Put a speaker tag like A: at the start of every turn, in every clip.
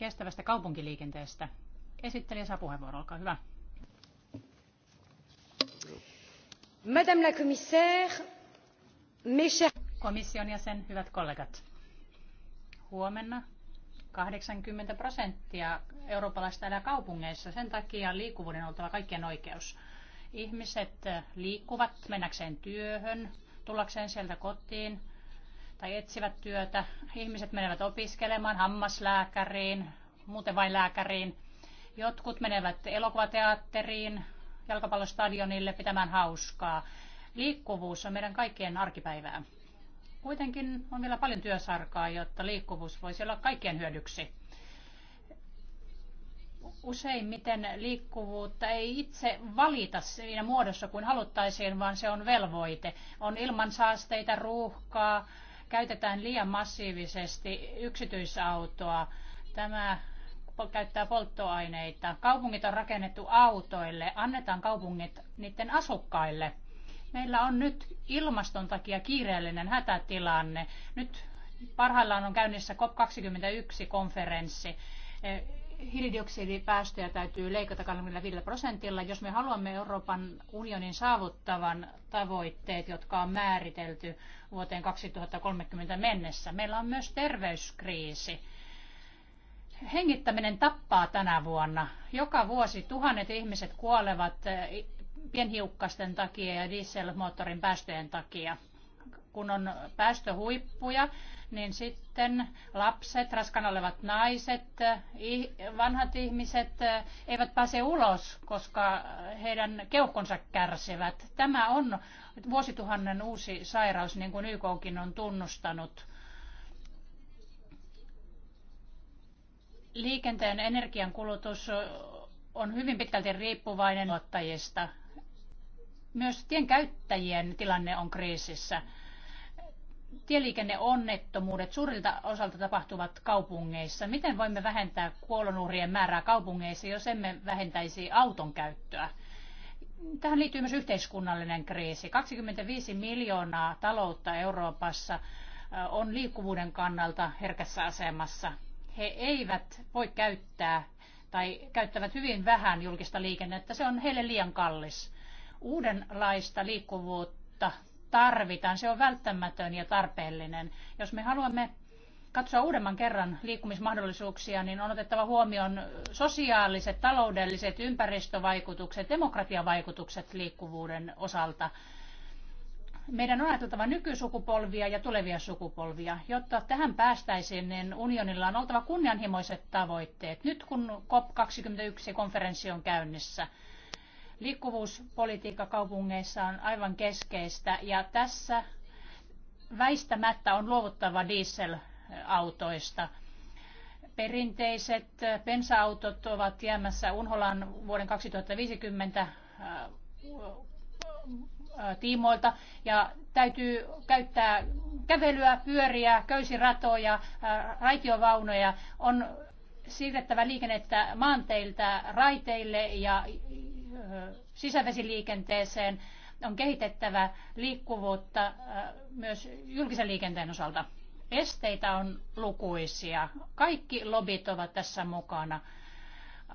A: kestävästä kaupunkiliikenteestä. Esittelijä saa puheenvuoro, olkaa hyvä.
B: Madame la commissaire,
A: mes chers... Komission jäsen, hyvät kollegat. Huomenna 80 prosenttia eurooppalaista elää kaupungeissa. Sen takia liikkuvuuden on oltava kaikkien oikeus. Ihmiset eh, liikkuvat mennäkseen työhön, tullakseen sieltä kotiin, tai etsivät työtä. Ihmiset menevät opiskelemaan hammaslääkäriin, muuten vain lääkäriin. Jotkut menevät elokuvateatteriin, jalkapallostadionille pitämään hauskaa. Liikkuvuus on meidän kaikkien arkipäivää. Kuitenkin on vielä paljon työsarkaa, jotta liikkuvuus voisi olla kaikkien hyödyksi. Useimmiten liikkuvuutta ei itse valita siinä muodossa kuin haluttaisiin, vaan se on velvoite. On ilmansaasteita, ruuhkaa, käytetään liian massiivisesti yksityisautoa. Tämä käyttää polttoaineita. Kaupungit on rakennettu autoille. Annetaan kaupungit niiden asukkaille. Meillä on nyt ilmaston takia kiireellinen hätätilanne. Nyt parhaillaan on käynnissä COP21-konferenssi hiilidioksidipäästöjä täytyy leikata 25 prosentilla, jos me haluamme Euroopan unionin saavuttavan tavoitteet, jotka on määritelty vuoteen 2030 mennessä. Meillä on myös terveyskriisi. Hengittäminen tappaa tänä vuonna. Joka vuosi tuhannet ihmiset kuolevat pienhiukkasten takia ja dieselmoottorin päästöjen takia kun on päästöhuippuja, niin sitten lapset, raskan olevat naiset, vanhat ihmiset eivät pääse ulos, koska heidän keuhkonsa kärsivät. Tämä on vuosituhannen uusi sairaus, niin kuin YKkin on tunnustanut. Liikenteen energian kulutus on hyvin pitkälti riippuvainen tuottajista. Myös tien käyttäjien tilanne on kriisissä tieliikenneonnettomuudet suurilta osalta tapahtuvat kaupungeissa. Miten voimme vähentää kuolonuhrien määrää kaupungeissa, jos emme vähentäisi auton käyttöä? Tähän liittyy myös yhteiskunnallinen kriisi. 25 miljoonaa taloutta Euroopassa on liikkuvuuden kannalta herkässä asemassa. He eivät voi käyttää tai käyttävät hyvin vähän julkista liikennettä. Se on heille liian kallis. Uudenlaista liikkuvuutta tarvitaan, se on välttämätön ja tarpeellinen. Jos me haluamme katsoa uudemman kerran liikkumismahdollisuuksia, niin on otettava huomioon sosiaaliset, taloudelliset, ympäristövaikutukset, demokratiavaikutukset liikkuvuuden osalta. Meidän on ajateltava nykysukupolvia ja tulevia sukupolvia. Jotta tähän päästäisiin, niin unionilla on oltava kunnianhimoiset tavoitteet. Nyt kun COP21-konferenssi on käynnissä, Liikkuvuuspolitiikka kaupungeissa on aivan keskeistä ja tässä väistämättä on luovuttava dieselautoista. Perinteiset bensa-autot ovat jäämässä Unholan vuoden 2050 tiimoilta ja täytyy käyttää kävelyä, pyöriä, köysiratoja, raitiovaunoja. On siirrettävä liikennettä maanteiltä raiteille ja sisävesiliikenteeseen. On kehitettävä liikkuvuutta äh, myös julkisen liikenteen osalta. Esteitä on lukuisia. Kaikki lobit ovat tässä mukana.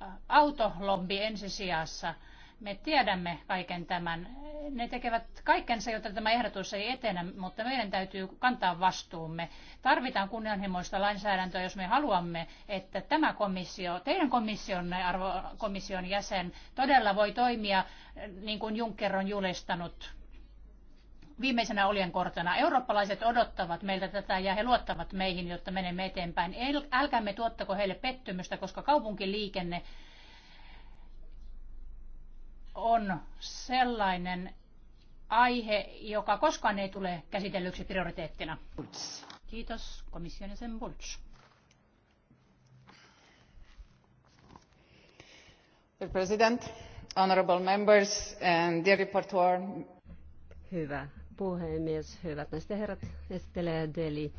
A: Äh, autolobby ensisijassa. Me tiedämme kaiken tämän. Ne tekevät kaikkensa, jotta tämä ehdotus ei etene, mutta meidän täytyy kantaa vastuumme. Tarvitaan kunnianhimoista lainsäädäntöä, jos me haluamme, että tämä komissio, teidän komissionne, arvo, komission jäsen, todella voi toimia niin kuin Juncker on julistanut viimeisenä oljenkortena. Eurooppalaiset odottavat meiltä tätä ja he luottavat meihin, jotta menemme eteenpäin. Älkäämme tuottako heille pettymystä, koska kaupunkiliikenne on sellainen aihe, joka koskaan ei tule käsitellyksi prioriteettina. Kiitos komission jäsen Bulch.
C: President, honorable members and dear reporter. Hyvä puhemies, hyvät naiset ja herrat, esittelee Deli.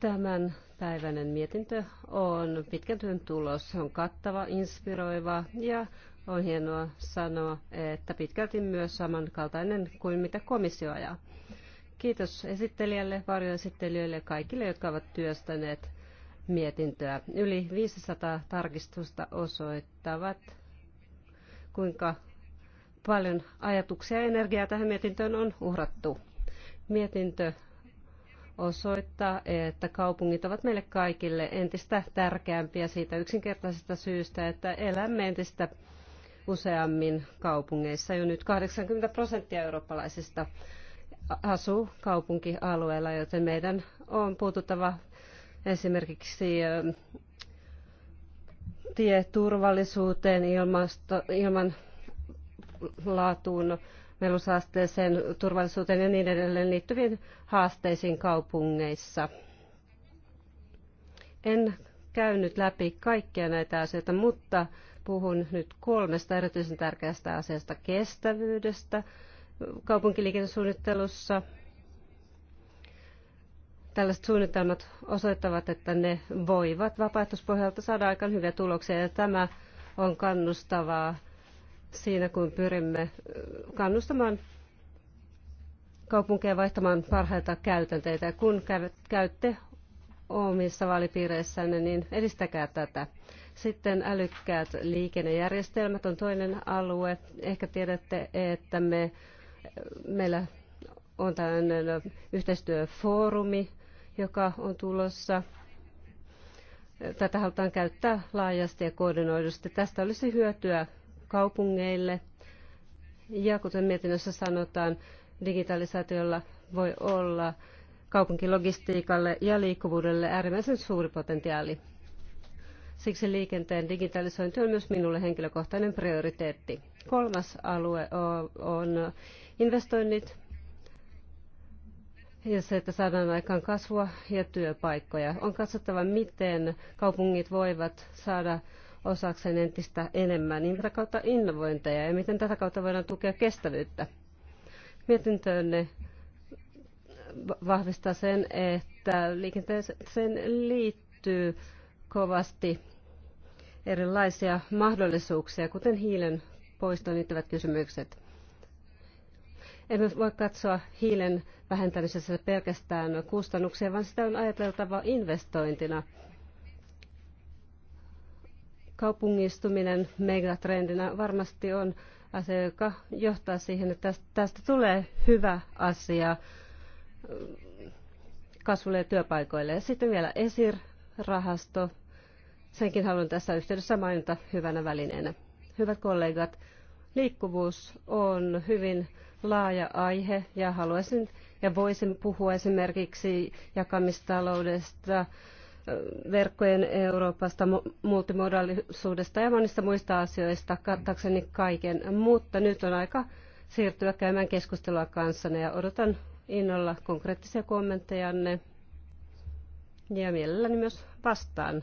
C: Tämän päiväinen mietintö on pitkän työn tulos. Se on kattava, inspiroiva ja on hienoa sanoa, että pitkälti myös samankaltainen kuin mitä komissio ajaa. Kiitos esittelijälle, varjoesittelijöille ja kaikille, jotka ovat työstäneet mietintöä. Yli 500 tarkistusta osoittavat, kuinka paljon ajatuksia ja energiaa tähän mietintöön on uhrattu. Mietintö osoittaa, että kaupungit ovat meille kaikille entistä tärkeämpiä siitä yksinkertaisesta syystä, että elämme entistä useammin kaupungeissa. Jo nyt 80 prosenttia eurooppalaisista asuu kaupunkialueella, joten meidän on puututtava esimerkiksi tieturvallisuuteen, ilmasto, ilman laatuun, melusaasteeseen, turvallisuuteen ja niin edelleen liittyviin haasteisiin kaupungeissa. En käynyt läpi kaikkia näitä asioita, mutta Puhun nyt kolmesta erityisen tärkeästä asiasta kestävyydestä kaupunkiliikennesuunnittelussa. Tällaiset suunnitelmat osoittavat, että ne voivat vapaaehtoispohjalta saada aika hyviä tuloksia ja tämä on kannustavaa siinä, kun pyrimme kannustamaan kaupunkeja vaihtamaan parhaita käytänteitä. Kun käytte omissa vaalipiireissänne, niin edistäkää tätä. Sitten älykkäät liikennejärjestelmät on toinen alue. Ehkä tiedätte, että me, meillä on tällainen yhteistyöfoorumi, joka on tulossa. Tätä halutaan käyttää laajasti ja koordinoidusti. Tästä olisi hyötyä kaupungeille. Ja kuten mietinnössä sanotaan, digitalisaatiolla voi olla kaupunkilogistiikalle ja liikkuvuudelle äärimmäisen suuri potentiaali. Siksi liikenteen digitalisointi on myös minulle henkilökohtainen prioriteetti. Kolmas alue on investoinnit ja se, että saadaan aikaan kasvua ja työpaikkoja. On katsottava, miten kaupungit voivat saada osakseen entistä enemmän niin tätä kautta innovointeja ja miten tätä kautta voidaan tukea kestävyyttä. Mietintöönne vahvistaa sen, että liikenteeseen liittyy kovasti erilaisia mahdollisuuksia, kuten hiilen poistoon liittyvät kysymykset. Emme voi katsoa hiilen vähentämisessä pelkästään kustannuksia, vaan sitä on ajateltava investointina. Kaupungistuminen megatrendinä varmasti on asia, joka johtaa siihen, että tästä tulee hyvä asia kasvulle ja työpaikoille. Ja sitten vielä ESIR-rahasto, Senkin haluan tässä yhteydessä mainita hyvänä välineenä. Hyvät kollegat, liikkuvuus on hyvin laaja aihe ja haluaisin ja voisin puhua esimerkiksi jakamistaloudesta, verkkojen Euroopasta, multimodaalisuudesta ja monista muista asioista kattakseni kaiken. Mutta nyt on aika siirtyä käymään keskustelua kanssanne ja odotan innolla konkreettisia kommenttejanne ja mielelläni myös vastaan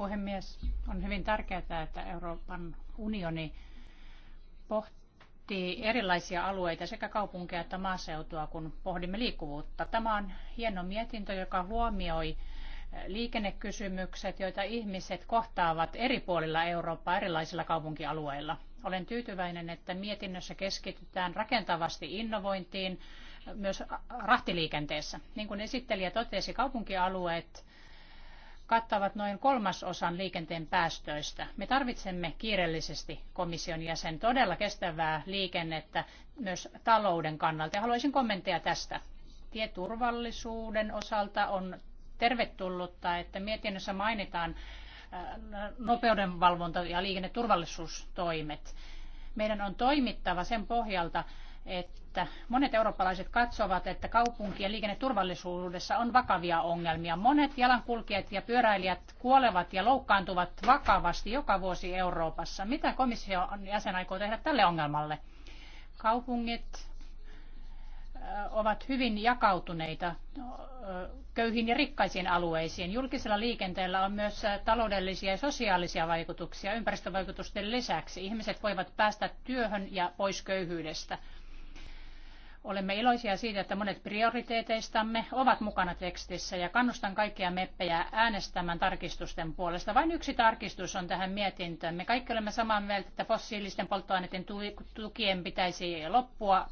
A: Puhemies, on hyvin tärkeää, että Euroopan unioni pohtii erilaisia alueita sekä kaupunkeja että maaseutua, kun pohdimme liikkuvuutta. Tämä on hieno mietintö, joka huomioi liikennekysymykset, joita ihmiset kohtaavat eri puolilla Eurooppaa erilaisilla kaupunkialueilla. Olen tyytyväinen, että mietinnössä keskitytään rakentavasti innovointiin myös rahtiliikenteessä. Niin kuin esittelijä totesi, kaupunkialueet kattavat noin kolmasosan liikenteen päästöistä. Me tarvitsemme kiireellisesti komission jäsen todella kestävää liikennettä myös talouden kannalta. Ja haluaisin kommentteja tästä. Tieturvallisuuden osalta on tervetullutta, että mietinnössä mainitaan äh, nopeudenvalvonta ja liikenneturvallisuustoimet. Meidän on toimittava sen pohjalta, että että monet eurooppalaiset katsovat, että kaupunkien liikenneturvallisuudessa on vakavia ongelmia. Monet jalankulkijat ja pyöräilijät kuolevat ja loukkaantuvat vakavasti joka vuosi Euroopassa. Mitä komissio on jäsen aikoo tehdä tälle ongelmalle? Kaupungit ovat hyvin jakautuneita köyhiin ja rikkaisiin alueisiin. Julkisella liikenteellä on myös taloudellisia ja sosiaalisia vaikutuksia ympäristövaikutusten lisäksi. Ihmiset voivat päästä työhön ja pois köyhyydestä. Olemme iloisia siitä, että monet prioriteeteistamme ovat mukana tekstissä ja kannustan kaikkia meppejä äänestämään tarkistusten puolesta. Vain yksi tarkistus on tähän mietintöön. Me kaikki olemme samaa mieltä, että fossiilisten polttoaineiden tukien pitäisi loppua.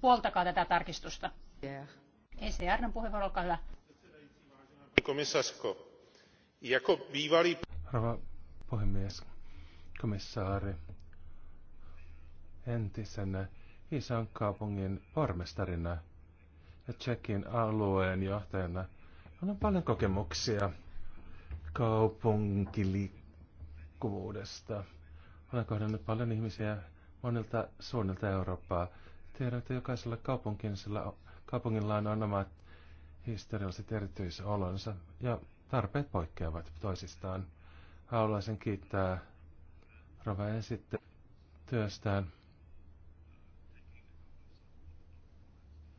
A: Puoltakaa tätä tarkistusta. ECRn e puheenvuoro, olkaa hyvä.
D: puhemies, komissaari, entisenä Isan kaupungin pormestarina ja Tsekin alueen johtajana on paljon kokemuksia kaupunkiliikkuvuudesta. Olen kohdannut paljon ihmisiä monilta suunnilta Eurooppaa. Tiedän, että jokaisella kaupungilla on omat historialliset erityisolonsa ja tarpeet poikkeavat toisistaan. Haluaisin kiittää Rova sitten työstään.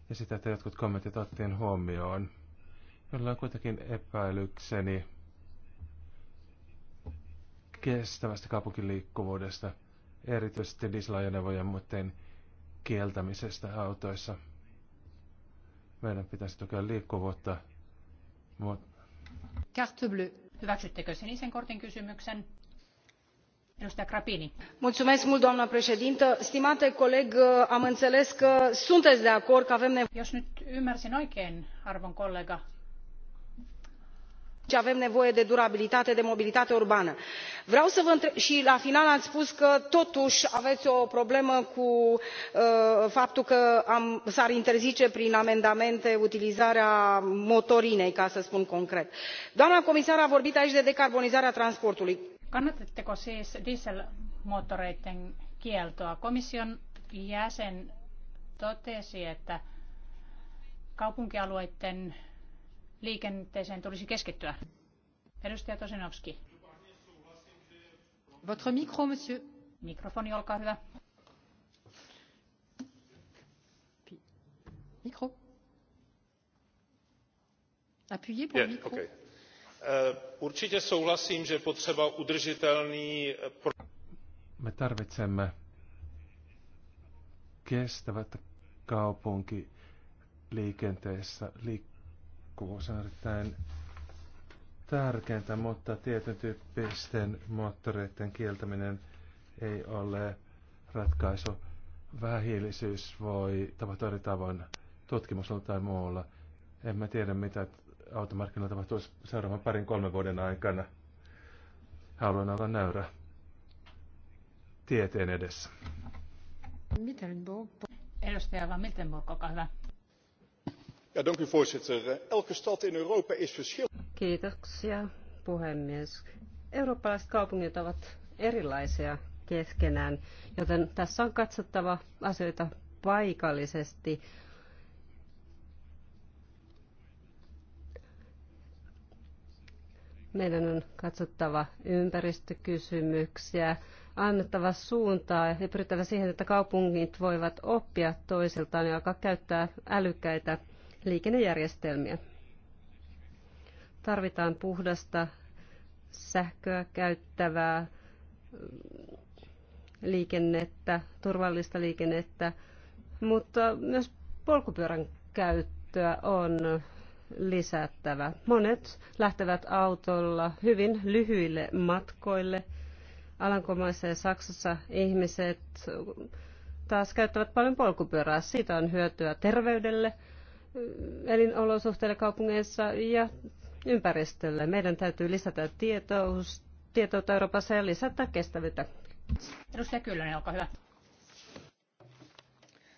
D: ja sitä, että jotkut kommentit otettiin huomioon. Jolla on kuitenkin epäilykseni kestävästä kaupunkiliikkuvuudesta, erityisesti dieselajoneuvojen muiden kieltämisestä autoissa. Meidän pitäisi tukea liikkuvuutta. Mut...
A: Carte bleue. Hyväksyttekö sinisen kortin kysymyksen?
B: doamnă președintă stimate coleg am înțeles că sunteți de acord că avem nevoie. jos nyt ymmärsin oikein arvon kollega ce avem nevoie de durabilitate de mobilitate urbană. vreau să vă întreb și la final ați spus că totuși aveți o problemă cu uh, faptul că s ar interzice prin amendamente utilizarea motorinei ca să spun concret. doamna comisar a vorbit aici de decarbonizarea transportului. Kannatatteko siis dieselmoottoreiden kieltoa? Komission
A: jäsen totesi, että kaupunkialueiden liikenteeseen tulisi keskittyä. Edustaja Tosinovski. Votre micro, monsieur. Mikrofoni, olkaa hyvä. Mikro.
D: Appuyez pour yeah, micro. Okay. Eh, určitě souhlasím, že potřeba udržitelný... Eh, Me tarvitsemme kestävät kaupunkiliikenteessä. Liikkuvuus on erittäin tärkeintä, mutta tietyn tyyppisten moottoreiden kieltäminen ei ole ratkaisu. Vähähiilisyys voi tapahtua eri tavoin tutkimuksella tai muulla. En mä tiedä, mitä automarkkinoilla tapahtuu seuraavan parin kolmen vuoden aikana. Haluan olla näyrä tieteen edessä.
A: Mittenburg. Edustaja Van Miltenburg, olkaa hyvä.
D: Ja, dank u voorzitter. Elke stad in Europa is verschil.
C: Kiitoksia, puhemies. Eurooppalaiset kaupungit ovat erilaisia keskenään, joten tässä on katsottava asioita paikallisesti Meidän on katsottava ympäristökysymyksiä, annettava suuntaa ja pyrittävä siihen, että kaupungit voivat oppia toisiltaan ja alkaa käyttää älykkäitä liikennejärjestelmiä. Tarvitaan puhdasta sähköä käyttävää liikennettä, turvallista liikennettä, mutta myös polkupyörän käyttöä on lisättävä. Monet lähtevät autolla hyvin lyhyille matkoille. Alankomaissa ja Saksassa ihmiset taas käyttävät paljon polkupyörää. Siitä on hyötyä terveydelle, elinolosuhteille kaupungeissa ja ympäristölle. Meidän täytyy lisätä tietous, tietoutta Euroopassa ja lisätä kestävyyttä.
A: Edustaja Kyllönen, olkaa hyvä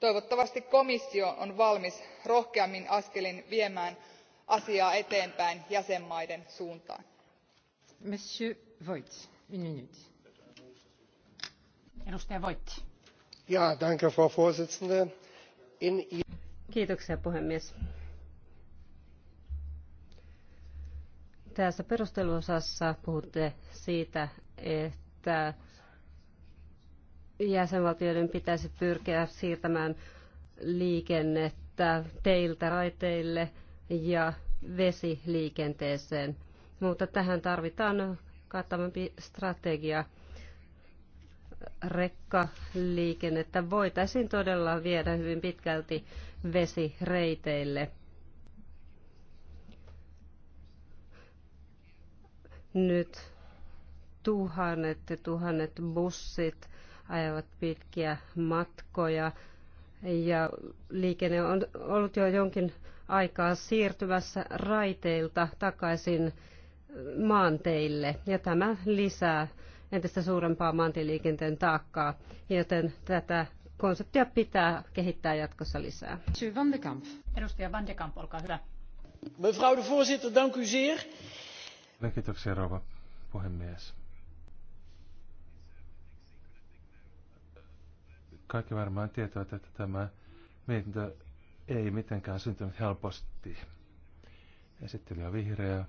E: toivottavasti komissio on valmis rohkeammin askelin viemään asiaa eteenpäin jäsenvaltioiden suuntaan.
C: frau präsidentin! tässä perusteluosassa puhutte siitä että jäsenvaltioiden pitäisi pyrkiä siirtämään liikennettä teiltä raiteille ja vesiliikenteeseen. Mutta tähän tarvitaan kattavampi strategia. Rekkaliikennettä voitaisiin todella viedä hyvin pitkälti vesireiteille. Nyt tuhannet ja tuhannet bussit ajavat pitkiä matkoja ja liikenne on ollut jo jonkin aikaa siirtyvässä raiteilta takaisin maanteille ja tämä lisää entistä suurempaa maantieliikenteen taakkaa, joten tätä konseptia pitää kehittää jatkossa lisää. Van de Kamp.
A: Edustaja Van de Kamp, olkaa hyvä. Mevrouw de voorzitter, dank u zeer.
D: Kiitoksia, rouva puhemies. Kaikki varmaan tietävät, että tämä mietintö ei mitenkään syntynyt helposti. on vihreä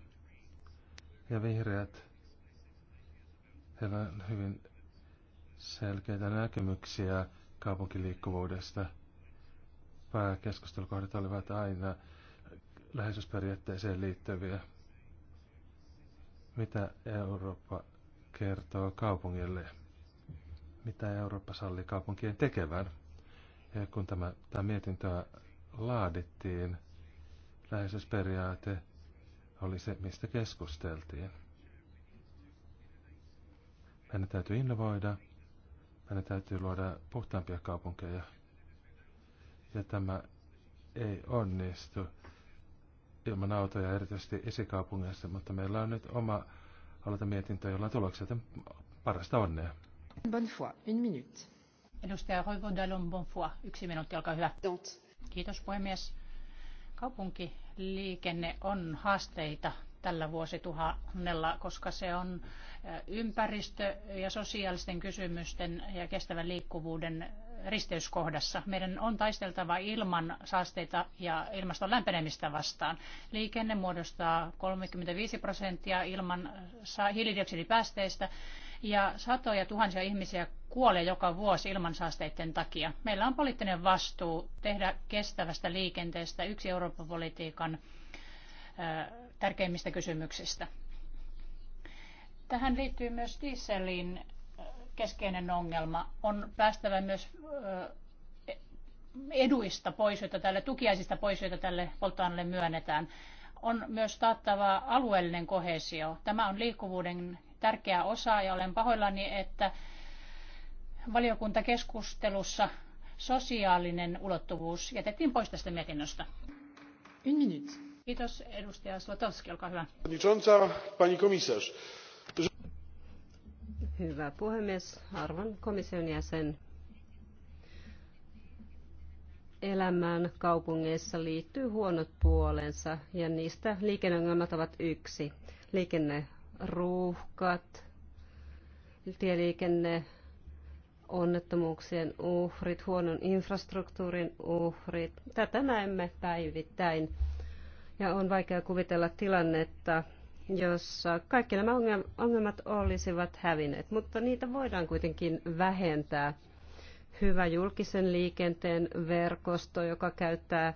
D: ja vihreät, heillä on hyvin selkeitä näkemyksiä kaupunkiliikkuvuudesta. Pääkeskustelukohdat olivat aina läheisyysperiaatteeseen liittyviä. Mitä Eurooppa kertoo kaupungille? mitä Eurooppa sallii kaupunkien tekevän. Ja kun tämä, tämä mietintöä laadittiin, läheisyysperiaate oli se, mistä keskusteltiin. Meidän täytyy innovoida, meidän täytyy luoda puhtaampia kaupunkeja. Ja tämä ei onnistu ilman autoja, erityisesti esikaupungeissa, mutta meillä on nyt oma aloitamietintö, jolla on tuloksia, parasta onnea.
E: Bonne foi, une minute.
A: Edustaja yksi minuutti, olkaa hyvä. Don't. Kiitos puhemies. Kaupunkiliikenne on haasteita tällä vuosituhannella, koska se on eh, ympäristö- ja sosiaalisten kysymysten ja kestävän liikkuvuuden risteyskohdassa. Meidän on taisteltava ilman saasteita ja ilmaston lämpenemistä vastaan. Liikenne muodostaa 35 prosenttia ilman hiilidioksidipäästeistä ja satoja tuhansia ihmisiä kuolee joka vuosi ilmansaasteiden takia. Meillä on poliittinen vastuu tehdä kestävästä liikenteestä yksi Euroopan politiikan tärkeimmistä kysymyksistä. Tähän liittyy myös dieselin keskeinen ongelma. On päästävä myös eduista pois, joita tälle, tukiaisista pois, joita tälle polttoaineelle myönnetään. On myös taattava alueellinen kohesio. Tämä on liikkuvuuden tärkeä osa ja olen pahoillani, että valiokuntakeskustelussa sosiaalinen ulottuvuus jätettiin pois tästä mietinnöstä. Kiitos edustaja Slotowski, olkaa hyvä.
C: Hyvä puhemies, arvon komission jäsen. Elämään kaupungeissa liittyy huonot puolensa ja niistä liikenneongelmat ovat yksi. Liikenne ruuhkat, tieliikenne, onnettomuuksien uhrit, huonon infrastruktuurin uhrit. Tätä näemme päivittäin. Ja on vaikea kuvitella tilannetta, jossa kaikki nämä ongelmat olisivat hävinneet, mutta niitä voidaan kuitenkin vähentää. Hyvä julkisen liikenteen verkosto, joka käyttää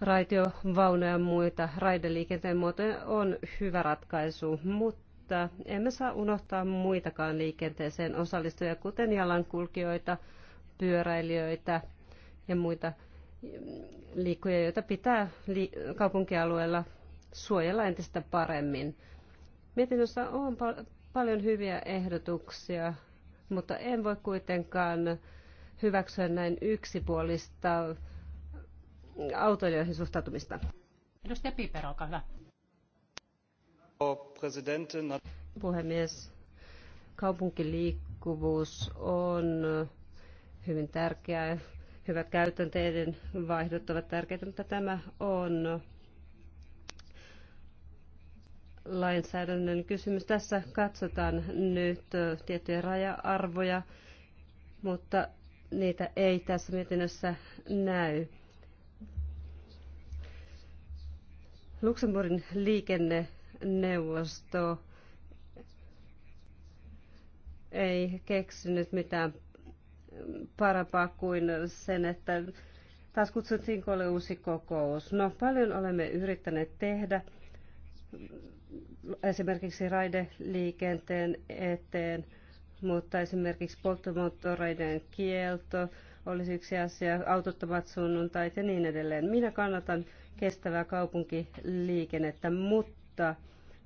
C: raitiovaunuja ja muita raideliikenteen muotoja on hyvä ratkaisu, mutta emme saa unohtaa muitakaan liikenteeseen osallistujia, kuten jalankulkijoita, pyöräilijöitä ja muita liikkuja, joita pitää kaupunkialueella suojella entistä paremmin. Mietinnössä on pal- paljon hyviä ehdotuksia, mutta en voi kuitenkaan hyväksyä näin yksipuolista autoilijoihin suhtautumista.
A: Edustaja Piper, olkaa hyvä.
C: Puhemies, kaupunkiliikkuvuus on hyvin tärkeää. Hyvät käytänteiden vaihdot ovat tärkeitä, mutta tämä on lainsäädännön kysymys. Tässä katsotaan nyt tiettyjä raja-arvoja, mutta niitä ei tässä mietinnössä näy. Luxemburgin liikenneneuvosto ei keksinyt mitään parempaa kuin sen, että taas kutsuttiin kolme uusi kokous. No, paljon olemme yrittäneet tehdä esimerkiksi raideliikenteen eteen, mutta esimerkiksi polttomoottoreiden kielto olisi yksi asia, autottomat sunnuntait ja niin edelleen. Minä kannatan kestävää kaupunkiliikennettä, mutta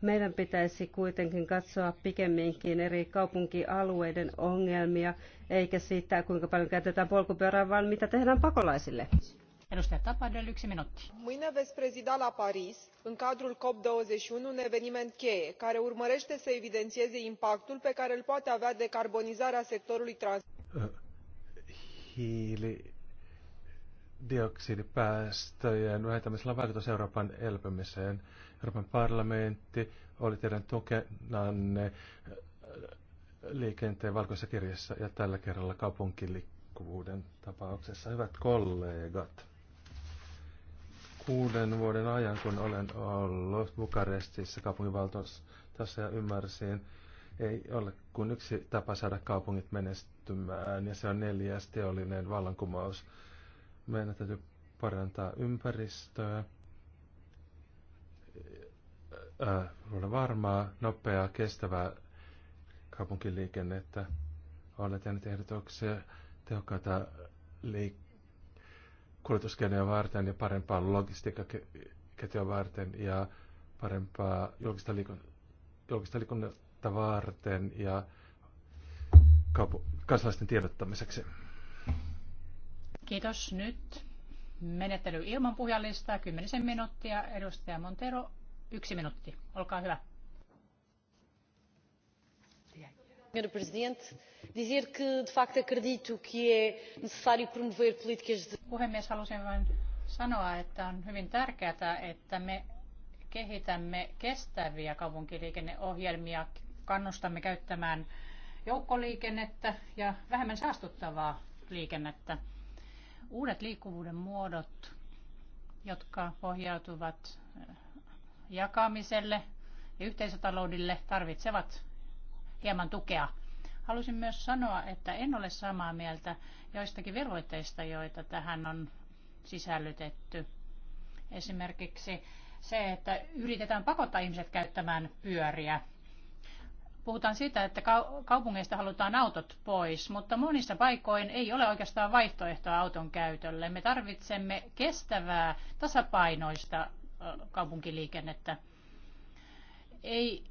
C: meidän pitäisi kuitenkin katsoa pikemminkin eri kaupunkialueiden ongelmia, eikä sitä, kuinka paljon käytetään polkupyörää, vaan mitä tehdään pakolaisille.
B: Edustaja Tapadel, yksi minuutti.
E: Mâine veți prezida la Paris, în cadrul COP21, un eveniment cheie, care urmărește să evidențieze impactul pe care îl poate avea decarbonizarea sectorului trans.
D: Hiili hiilidioksidipäästöjen vähentämisellä on vaikutus Euroopan elpymiseen. Euroopan parlamentti oli teidän tukenanne äh, liikenteen valkoisessa kirjassa ja tällä kerralla kaupunkilikkuvuuden tapauksessa. Hyvät kollegat, kuuden vuoden ajan kun olen ollut Bukarestissa kaupunginvaltuustossa ja ymmärsin, ei ole kuin yksi tapa saada kaupungit menestymään ja se on neljäs teollinen vallankumous. Meidän täytyy parantaa ympäristöä, luoda varmaa, nopeaa, kestävää kaupunkiliikennettä. Olen tehnyt ehdotuksia tehokkaita liik- kuljetuskeinoja varten ja parempaa logistiikkaketjua varten ja parempaa julkista, liikun- julkista liikunnetta varten ja kaupu- kansalaisten tiedottamiseksi.
A: Kiitos. Nyt menettely ilman puhujalistaa. Kymmenisen minuuttia. Edustaja Montero, yksi minuutti. Olkaa hyvä. Senhor Presidente, dizer que de facto acredito que é necessário promover políticas de... Puhemies, halusin vain sanoa, että on hyvin tärkeää, että me kehitämme kestäviä kaupunkiliikenneohjelmia, kannustamme käyttämään joukkoliikennettä ja vähemmän saastuttavaa liikennettä. Uudet liikkuvuuden muodot, jotka pohjautuvat eh, jakamiselle ja yhteisötaloudille, tarvitsevat hieman tukea. Haluaisin myös sanoa, että en ole samaa mieltä joistakin velvoitteista, joita tähän on sisällytetty. Esimerkiksi se, että yritetään pakottaa ihmiset käyttämään pyöriä puhutaan siitä, että kaupungeista halutaan autot pois, mutta monissa paikoin ei ole oikeastaan vaihtoehtoa auton käytölle. Me tarvitsemme kestävää, tasapainoista kaupunkiliikennettä. Ei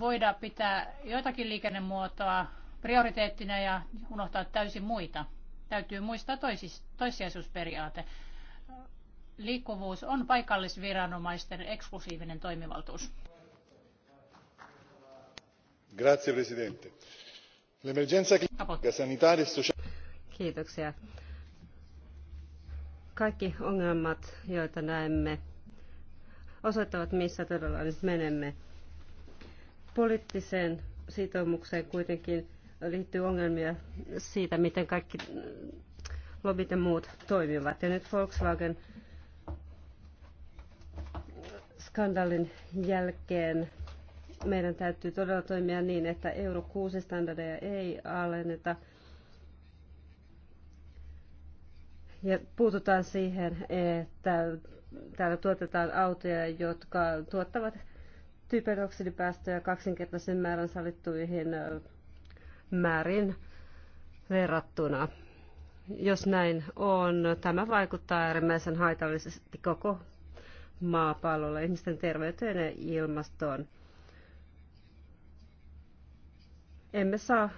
A: voida pitää joitakin liikennemuotoa prioriteettina ja unohtaa täysin muita. Täytyy muistaa toisis, toissijaisuusperiaate. Liikkuvuus on paikallisviranomaisten eksklusiivinen toimivaltuus
D: arvoisa
C: e kaikki ongelmat joita näemme osoittavat missä todella nyt menemme. poliittiseen sitoumukseen kuitenkin liittyy ongelmia siitä miten kaikki lobit ja muut toimivat. Ja nyt Volkswagen skandaalin jälkeen meidän täytyy todella toimia niin, että euro 6 standardeja ei alenneta. Ja puututaan siihen, että täällä tuotetaan autoja, jotka tuottavat typeroksidipäästöjä kaksinkertaisen määrän sallittuihin määrin verrattuna. Jos näin on, tämä vaikuttaa äärimmäisen haitallisesti koko maapallolla, ihmisten terveyteen ja ilmastoon. Emme saa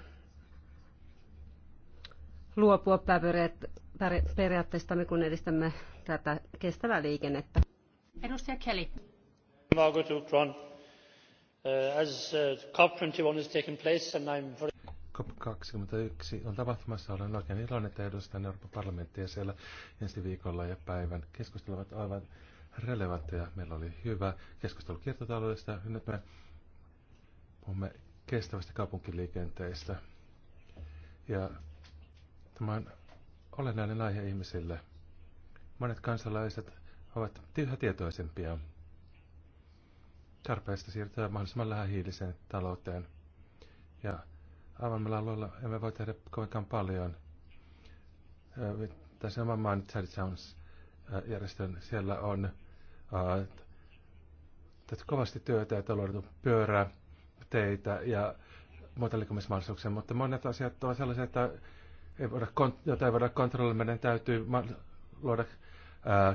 C: luopua pääperiaatteistamme, kun edistämme tätä kestävää liikennettä. Edustaja Kelly.
A: Uh, as uh, COP21 is taking place and I'm very...
D: COP21 on tapahtumassa. Olen oikein iloinen, että edustan Euroopan parlamenttia siellä ensi viikolla ja päivän. Keskustelevat aivan relevantteja. Meillä oli hyvä keskustelu kiertotaloudesta. Nyt me puhumme kestävästä kaupunkiliikenteestä. Ja tämä on olennainen aihe ihmisille. Monet kansalaiset ovat yhä tietoisempia tarpeesta siirtyä mahdollisimman lähihiiliseen talouteen. Ja avoimella alueella emme voi tehdä kovinkaan paljon. Tässä oman maan Charity Sounds järjestön siellä on kovasti työtä, ja on pyörää teitä ja muita liikkumismahdollisuuksia, mutta monet asiat ovat sellaisia, että ei voida, jota ei voida kontrolloida. Meidän täytyy luoda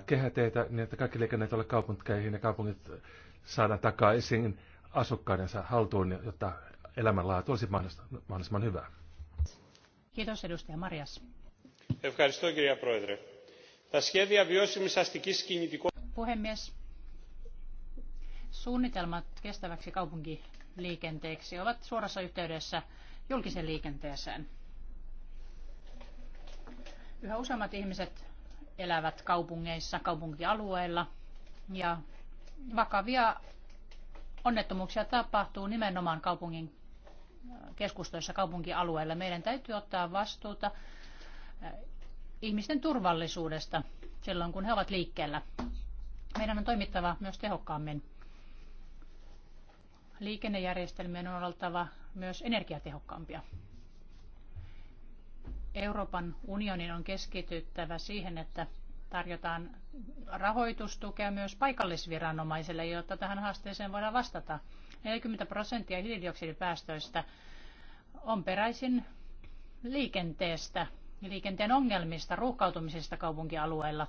D: kehäteitä niin, että kaikki liikenneet ole kaupunkeihin ja kaupungit saadaan takaisin asukkaidensa haltuun, jotta elämänlaatu olisi mahdollisimman hyvää.
A: Kiitos edustaja Marias. Ευχαριστώ κυρία Πρόεδρε. Τα σχέδια βιώσιμης αστικής Puhemies, suunnitelmat kestäväksi kaupunki liikenteeksi ovat suorassa yhteydessä julkisen liikenteeseen. Yhä useammat ihmiset elävät kaupungeissa, kaupunkialueilla ja vakavia onnettomuuksia tapahtuu nimenomaan kaupungin keskustoissa, kaupunkialueilla. Meidän täytyy ottaa vastuuta eh, ihmisten turvallisuudesta silloin, kun he ovat liikkeellä. Meidän on toimittava myös tehokkaammin liikennejärjestelmien on oltava myös energiatehokkaampia. Euroopan unionin on keskityttävä siihen, että tarjotaan rahoitustukea myös paikallisviranomaisille, jotta tähän haasteeseen voidaan vastata. 40 prosenttia hiilidioksidipäästöistä on peräisin liikenteestä ja liikenteen ongelmista, ruuhkautumisesta kaupunkialueilla.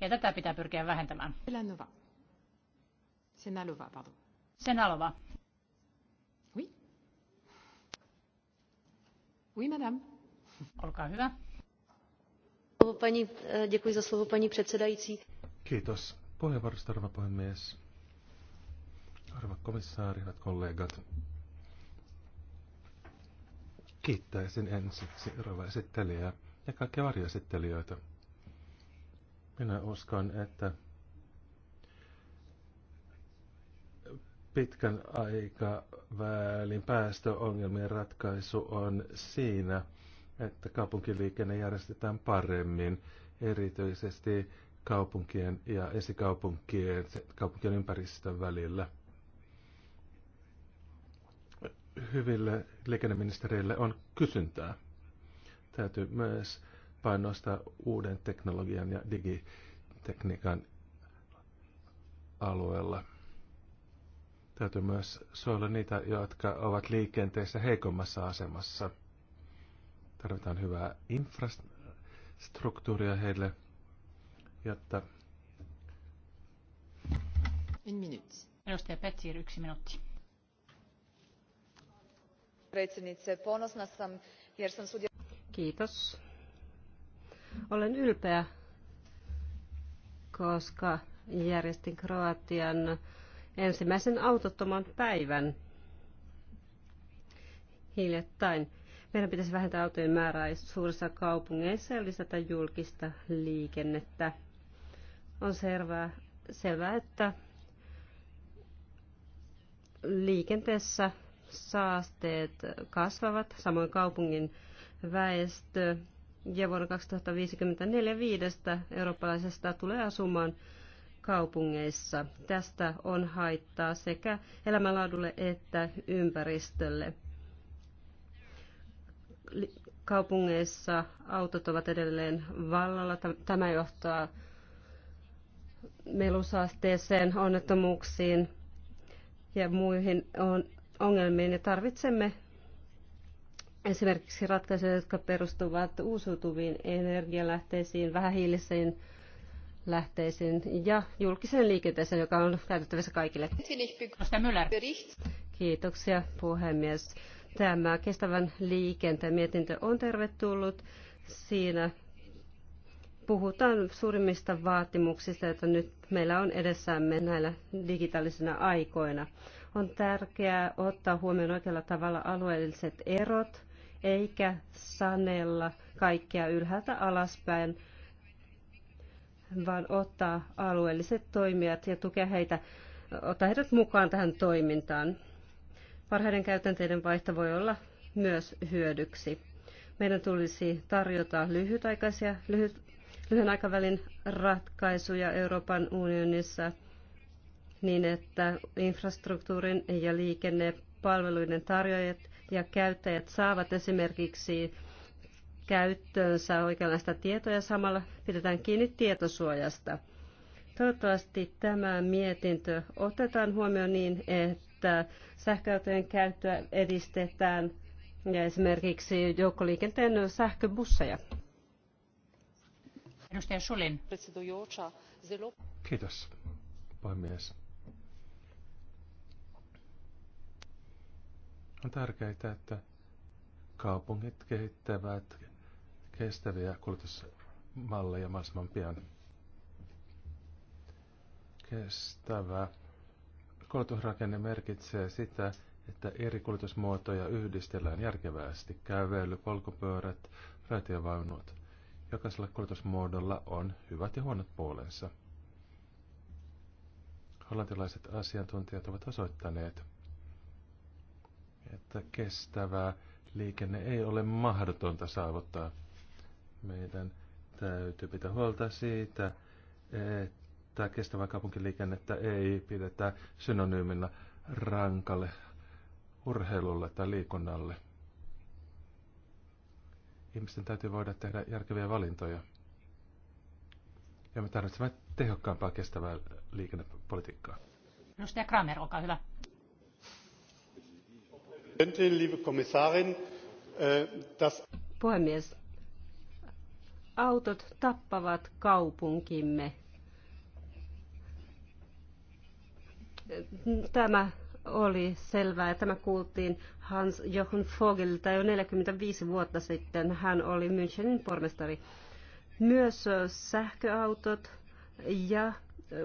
A: Ja tätä pitää pyrkiä vähentämään. Senalova, pardon. Senalova.
B: Oui, madame. Olkaa hyvä. Pani, eh, děkuji za slovo, paní předsedající.
D: Kiitos puheenvuorosta, arva puhemies. Arva komissaari, hyvät kollegat. Kiittäisin ensiksi rouva esittelijää ja kaikkia varjoesittelijöitä. Minä uskon, että pitkän aikavälin päästöongelmien ratkaisu on siinä, että kaupunkiliikenne järjestetään paremmin, erityisesti kaupunkien ja esikaupunkien, kaupunkien ympäristön välillä. Hyville liikenneministerille on kysyntää. Täytyy myös painostaa uuden teknologian ja digitekniikan alueella. Täytyy myös suojella niitä, jotka ovat liikenteessä heikommassa asemassa. Tarvitaan hyvää infrastruktuuria heille, jotta...
A: minuutti. Edustaja Petsiir, yksi minuutti
C: Kiitos. Olen ylpeä, koska järjestin Kroatian ensimmäisen autottoman päivän hiljattain. Meidän pitäisi vähentää autojen määrää suurissa kaupungeissa ja lisätä julkista liikennettä. On selvää, selvää että liikenteessä saasteet kasvavat, samoin kaupungin väestö. Ja vuonna 2054 viidestä eurooppalaisesta tulee asumaan kaupungeissa. Tästä on haittaa sekä elämänlaadulle että ympäristölle. Kaupungeissa autot ovat edelleen vallalla. Tämä johtaa melusaasteeseen, onnettomuuksiin ja muihin on ongelmiin. Ja tarvitsemme esimerkiksi ratkaisuja, jotka perustuvat uusiutuviin energialähteisiin, vähähiilisiin lähteisiin ja julkiseen liikenteeseen, joka on käytettävissä kaikille. Kiitoksia puhemies. Tämä kestävän liikenteen mietintö on tervetullut. Siinä puhutaan suurimmista vaatimuksista, joita nyt meillä on edessämme näillä digitaalisina aikoina. On tärkeää ottaa huomioon oikealla tavalla alueelliset erot, eikä sanella kaikkea ylhäältä alaspäin – vaan ottaa alueelliset toimijat ja tukea heitä, ottaa heidät mukaan tähän toimintaan. Parhaiden käytänteiden vaihto voi olla myös hyödyksi. Meidän tulisi tarjota lyhytaikaisia, lyhyt, lyhyen aikavälin ratkaisuja Euroopan unionissa niin, että infrastruktuurin ja liikennepalveluiden tarjoajat ja käyttäjät saavat esimerkiksi käyttöönsä oikeanlaista tietoa ja samalla pidetään kiinni tietosuojasta. Toivottavasti tämä mietintö otetaan huomioon niin, että sähköautojen käyttöä edistetään ja esimerkiksi joukkoliikenteen sähköbusseja.
A: Edustaja Sulin.
D: Kiitos, puhemies. On tärkeää, että kaupungit kehittävät kestäviä kulutusmalleja mahdollisimman pian. Kestävä kulutusrakenne merkitsee sitä, että eri kulutusmuotoja yhdistellään järkevästi. Kävely, polkupyörät, raitiovaunut. Jokaisella kulutusmuodolla on hyvät ja huonot puolensa. Hollantilaiset asiantuntijat ovat osoittaneet, että kestävää liikenne ei ole mahdotonta saavuttaa – meidän täytyy pitää huolta siitä, että kestävää kaupunkiliikennettä ei pidetä synonyyminä rankalle urheilulle tai liikunnalle. Ihmisten täytyy voida tehdä järkeviä valintoja. Ja me tarvitsemme tehokkaampaa kestävää liikennepolitiikkaa.
A: Edustaja Kramer, olkaa hyvä.
C: Äh, Puhemies, autot tappavat kaupunkimme. Tämä oli selvää ja tämä kuultiin Hans Jochen Vogelilta jo 45 vuotta sitten. Hän oli Münchenin pormestari. Myös sähköautot ja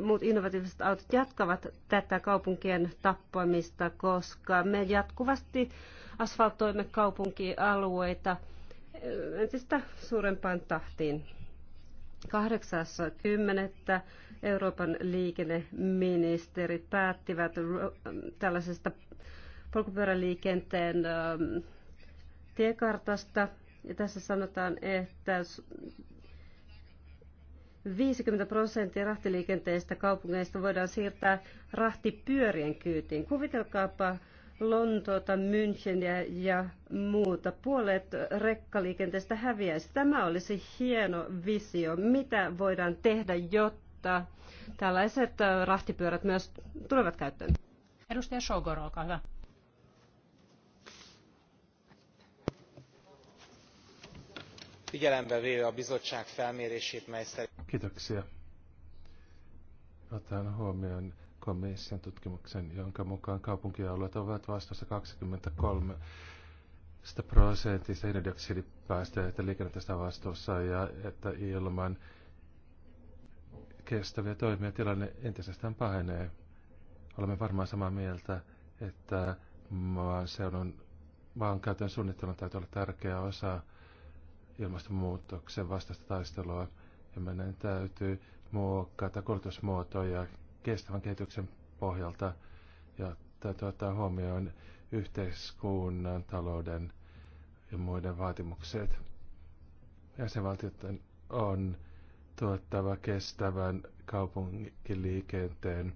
C: muut innovatiiviset autot jatkavat tätä kaupunkien tappamista, koska me jatkuvasti asfaltoimme kaupunkialueita – entistä suurempaan tahtiin. 8.10. Euroopan liikenneministerit päättivät tällaisesta polkupyöräliikenteen ähm, tiekartasta. Ja tässä sanotaan, että 50 prosenttia rahtiliikenteestä kaupungeista voidaan siirtää rahtipyörien kyytiin. Kuvitelkaapa Lontoota, Müncheniä ja muuta. Puolet rekkaliikenteestä häviäisi. Tämä olisi hieno visio. Mitä voidaan tehdä, jotta tällaiset äh, rahtipyörät myös tulevat käyttöön? Edustaja Shogor, olkaa hyvä.
D: Kiitoksia. Otan huomioon komission tutkimuksen, jonka mukaan kaupunkialueet ovat vastassa 23 prosentista hiilidioksidipäästöjä, että liikenteestä vastuussa ja että ilman kestäviä toimia tilanne entisestään pahenee. Olemme varmaan samaa mieltä, että maaseudun maankäytön suunnittelun täytyy olla tärkeä osa ilmastonmuutoksen vastaista taistelua ja meidän täytyy muokata kulutusmuotoja kestävän kehityksen pohjalta ja täytyy ottaa huomioon yhteiskunnan, talouden ja muiden vaatimukset. Jäsenvaltiot on tuottava kestävän kaupunkiliikenteen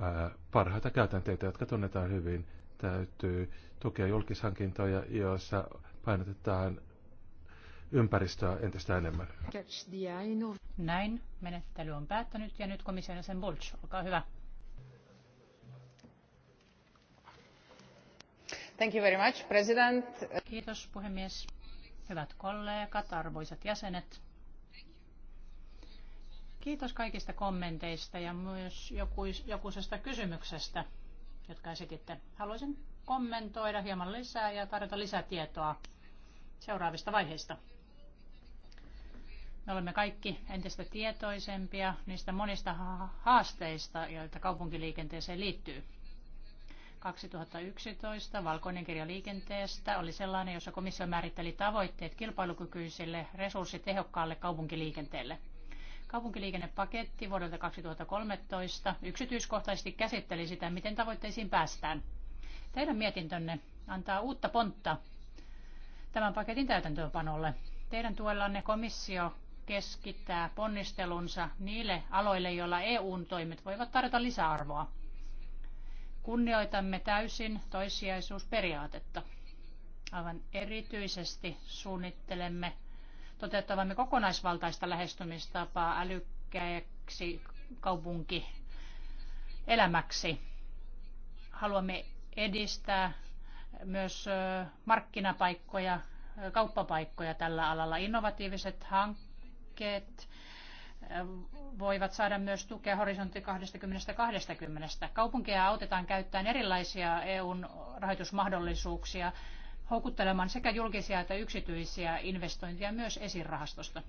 D: ää, parhaita käytänteitä, jotka tunnetaan hyvin. Täytyy tukea julkishankintoja, joissa painotetaan ympäristöä entistä enemmän.
A: Näin, menettely on päättänyt ja nyt komission sen Bulch, olkaa hyvä. Thank you very much, President. Kiitos puhemies. Hyvät kollegat, arvoisat jäsenet. Kiitos kaikista kommenteista ja myös jokuisesta kysymyksestä, jotka esititte. Haluaisin kommentoida hieman lisää ja tarjota lisätietoa seuraavista vaiheista. Me olemme kaikki entistä tietoisempia niistä monista haasteista, joita kaupunkiliikenteeseen liittyy. 2011 valkoinen kirja liikenteestä oli sellainen, jossa komissio määritteli tavoitteet kilpailukykyisille resurssitehokkaalle kaupunkiliikenteelle. Kaupunkiliikennepaketti vuodelta 2013 yksityiskohtaisesti käsitteli sitä, miten tavoitteisiin päästään. Teidän mietintönne antaa uutta pontta tämän paketin täytäntöönpanolle. Teidän tuellanne komissio keskittää ponnistelunsa niille aloille, joilla EUn toimet voivat tarjota lisäarvoa. Kunnioitamme täysin toissijaisuusperiaatetta. Aivan erityisesti suunnittelemme toteuttavamme kokonaisvaltaista lähestymistapaa älykkääksi kaupunkielämäksi. Haluamme edistää myös markkinapaikkoja, kauppapaikkoja tällä alalla. Innovatiiviset hankkeet hankkeet äh, voivat saada myös tukea horisontti 2020. Kaupunkeja autetaan käyttämään erilaisia EUn rahoitusmahdollisuuksia houkuttelemaan sekä julkisia että yksityisiä investointeja myös esirahastosta.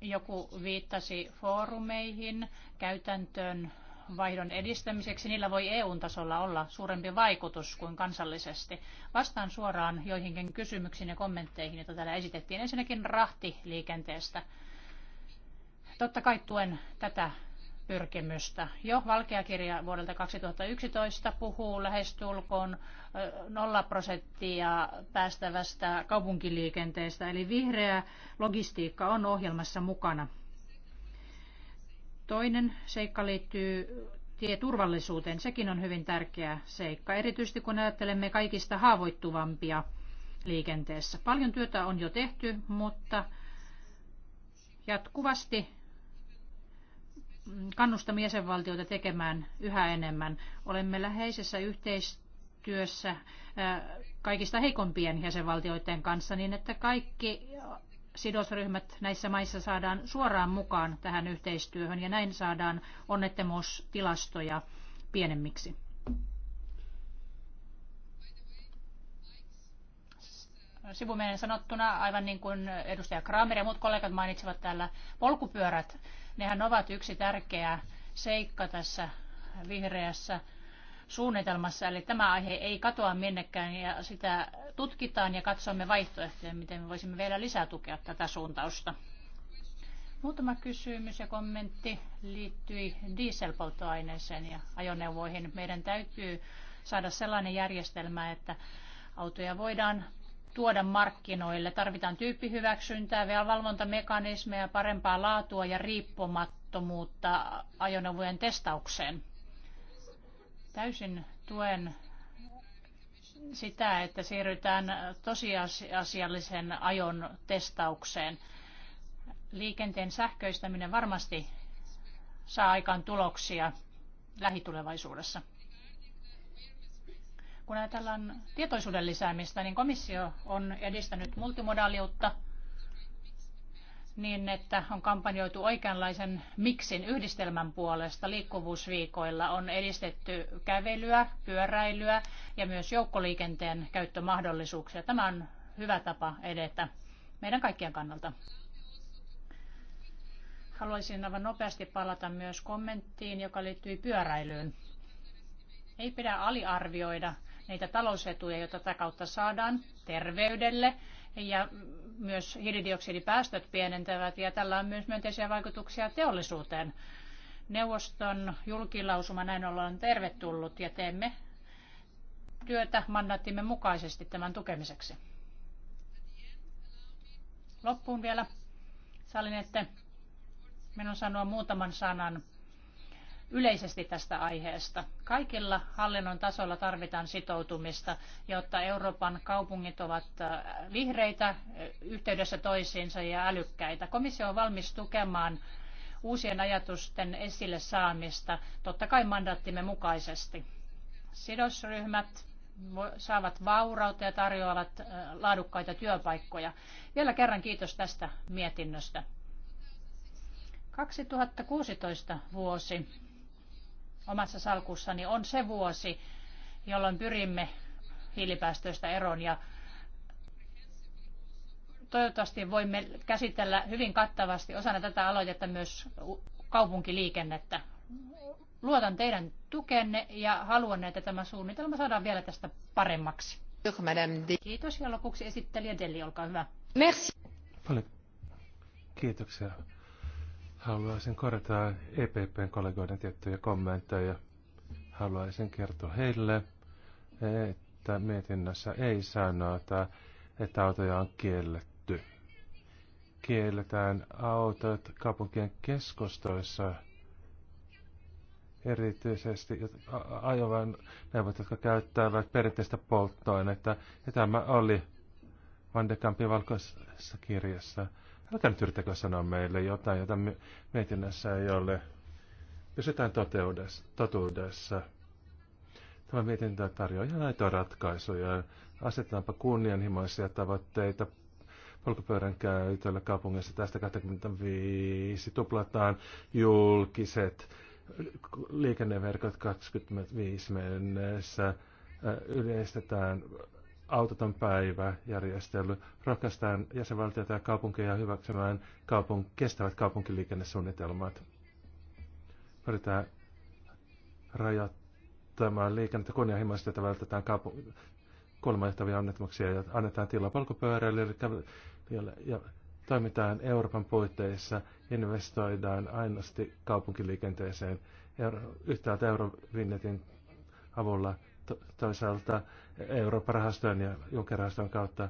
A: Joku viittasi foorumeihin, käytäntöön vaihdon edistämiseksi, niillä voi EU-tasolla olla suurempi vaikutus kuin kansallisesti. Vastaan suoraan joihinkin kysymyksiin ja kommentteihin, joita täällä esitettiin. Ensinnäkin rahtiliikenteestä. Totta kai tuen tätä pyrkimystä. Jo valkeakirja vuodelta 2011 puhuu lähestulkoon 0 prosenttia päästävästä kaupunkiliikenteestä, eli vihreä logistiikka on ohjelmassa mukana. Toinen seikka liittyy tieturvallisuuteen. Sekin on hyvin tärkeä seikka, erityisesti kun ajattelemme kaikista haavoittuvampia liikenteessä. Paljon työtä on jo tehty, mutta jatkuvasti kannustamme jäsenvaltioita tekemään yhä enemmän. Olemme läheisessä yhteistyössä kaikista heikompien jäsenvaltioiden kanssa niin, että kaikki sidosryhmät näissä maissa saadaan suoraan mukaan tähän yhteistyöhön ja näin saadaan onnettomuustilastoja pienemmiksi. Sivumennen sanottuna, aivan niin kuin edustaja Kramer ja muut kollegat mainitsivat täällä, polkupyörät, nehän ovat yksi tärkeä seikka tässä vihreässä suunnitelmassa, eli tämä aihe ei katoa minnekään ja sitä tutkitaan ja katsomme vaihtoehtoja, miten me voisimme vielä lisää tukea tätä suuntausta. Muutama kysymys ja kommentti liittyi dieselpolttoaineeseen ja ajoneuvoihin. Meidän täytyy saada sellainen järjestelmä, että autoja voidaan tuoda markkinoille. Tarvitaan tyyppihyväksyntää, vielä valvontamekanismeja, parempaa laatua ja riippumattomuutta ajoneuvojen testaukseen. Täysin tuen sitä, että siirrytään tosiasiallisen ajon testaukseen. Liikenteen sähköistäminen varmasti saa aikaan tuloksia lähitulevaisuudessa. Kun ajatellaan tietoisuuden lisäämistä, niin komissio on edistänyt multimodaaliutta – niin, että on kampanjoitu oikeanlaisen miksin yhdistelmän puolesta. Liikkuvuusviikoilla on edistetty kävelyä, pyöräilyä ja myös joukkoliikenteen käyttömahdollisuuksia. Tämä on hyvä tapa edetä meidän kaikkien kannalta. Haluaisin aivan nopeasti palata myös kommenttiin, joka liittyy pyöräilyyn. Ei pidä aliarvioida niitä talousetuja, joita tätä kautta saadaan terveydelle ja myös hiilidioksidipäästöt pienentävät ja tällä on myös myönteisiä vaikutuksia teollisuuteen. Neuvoston julkilausuma näin ollen on tervetullut ja teemme työtä mandaattimme mukaisesti tämän tukemiseksi. Loppuun vielä sallinette minun sanoa muutaman sanan yleisesti tästä aiheesta. Kaikilla hallinnon tasolla tarvitaan sitoutumista, jotta Euroopan kaupungit ovat äh, vihreitä, äh, yhteydessä toisiinsa ja älykkäitä. Komissio on valmis tukemaan uusien ajatusten esille saamista, totta kai mandaattimme mukaisesti. Sidosryhmät saavat vaurautta ja tarjoavat äh, laadukkaita työpaikkoja. Vielä kerran kiitos tästä mietinnöstä. 2016 vuosi omassa salkussani on se vuosi, jolloin pyrimme hiilipäästöistä eroon ja toivottavasti voimme käsitellä hyvin kattavasti osana tätä aloitetta myös kaupunkiliikennettä. Luotan teidän tukenne ja haluan, että tämä suunnitelma saadaan vielä tästä paremmaksi. Kiitos ja lopuksi esittelijä Deli, olkaa hyvä.
B: Merci.
D: kiitoksia Haluaisin korjata EPPn kollegoiden tiettyjä kommentteja. Haluaisin kertoa heille, että mietinnässä ei sanota, että autoja on kielletty. Kielletään autot kaupunkien keskustoissa erityisesti ajovan neuvot, jotka käyttävät perinteistä polttoainetta. Ja tämä oli Van de Kampin valkoisessa kirjassa Älkää nyt yrittäkö sanoa meille jotain, jota mietinnässä ei ole. Pysytään totuudessa. Tämä mietintö tarjoaa ihan aitoa ratkaisuja. Asetetaanpa kunnianhimoisia tavoitteita polkupyörän käytöllä kaupungissa. Tästä 25 tuplataan julkiset liikenneverkot 25 mennessä. Yleistetään autoton päivä järjestely. Rohkaistaan jäsenvaltioita ja kaupunkeja hyväksymään kaupun kestävät kaupunkiliikennesuunnitelmat. Pyritään rajoittamaan liikennettä kunnianhimoisesti, että vältetään kaupunk- kuolemanjohtavia onnettomuuksia ja annetaan tilaa polkupyöräilijöille ja toimitaan Euroopan puitteissa, investoidaan ainoasti kaupunkiliikenteeseen Euro- yhtäältä Eurovinnetin avulla, to- toisaalta Euroopan rahastojen ja Junkerahaston kautta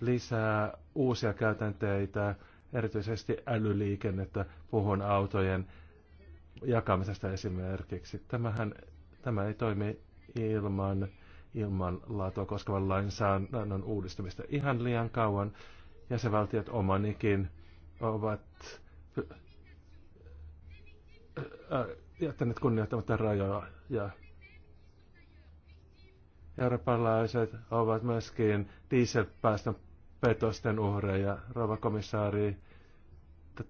D: lisää uusia käytänteitä, erityisesti älyliikennettä, puhun autojen jakamisesta esimerkiksi. Tämähän, tämä ei toimi ilman ilman laatua koskevan lainsäädännön uudistamista ihan liian kauan. Jäsenvaltiot omanikin ovat jättäneet kunnioittamatta rajoja ja Eurooppalaiset ovat myöskin dieselpäästön petosten uhreja. Rova komissaari,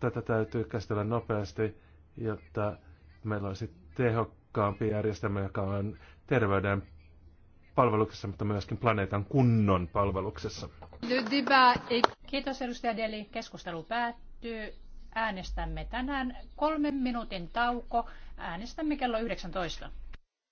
D: tätä täytyy käsitellä nopeasti, jotta meillä olisi tehokkaampi järjestelmä, joka on terveyden palveluksessa, mutta myöskin planeetan kunnon palveluksessa.
A: Kiitos edustaja Deli. Keskustelu päättyy.
B: Äänestämme tänään kolmen minuutin tauko. Äänestämme kello 19.